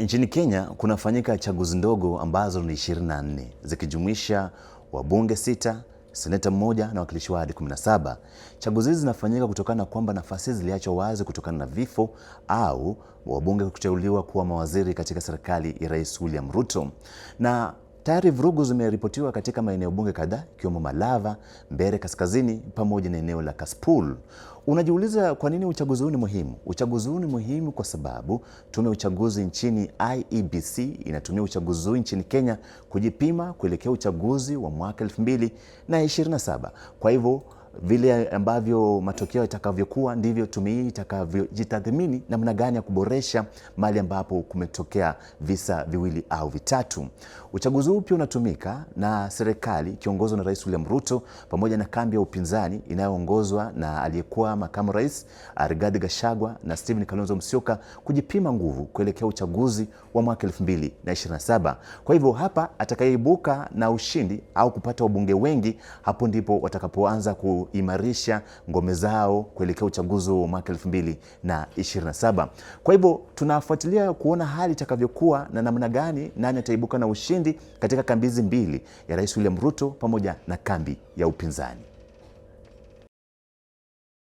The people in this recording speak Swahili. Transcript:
Nchini Kenya kunafanyika chaguzi ndogo ambazo ni 24 zikijumuisha wabunge sita, seneta mmoja na wakilishi wadi 17. Chaguzi hizi zinafanyika kutokana na kwamba nafasi ziliachwa wazi kutokana na vifo au wabunge kuteuliwa kuwa mawaziri katika serikali ya Rais William Ruto. Na Tayari vurugu zimeripotiwa katika maeneo bunge kadhaa ikiwemo Malava, mbere Kaskazini pamoja na eneo la kaspul Unajiuliza kwa nini uchaguzi huu ni muhimu? Uchaguzi huu ni muhimu kwa sababu tume ya uchaguzi nchini IEBC inatumia uchaguzi huu nchini Kenya kujipima kuelekea uchaguzi wa mwaka 2027. Kwa hivyo vile ambavyo matokeo yatakavyokuwa ndivyo tume hii itakavyojitathmini namna gani ya kuboresha mahali ambapo kumetokea visa viwili au vitatu. Uchaguzi huu pia unatumika na serikali ikiongozwa na Rais William Ruto pamoja na kambi ya upinzani inayoongozwa na aliyekuwa makamu rais Rigathi Gachagua na Stephen Kalonzo Musyoka kujipima nguvu kuelekea uchaguzi wa mwaka 2027. Kwa hivyo hapa atakayeibuka na ushindi au kupata wabunge wengi, hapo ndipo watakapoanza ku kuimarisha ngome zao kuelekea uchaguzi wa mwaka 2027. Kwa hivyo tunafuatilia kuona hali itakavyokuwa na namna gani nani ataibuka na ushindi katika kambi hizi mbili ya Rais William Ruto pamoja na kambi ya upinzani.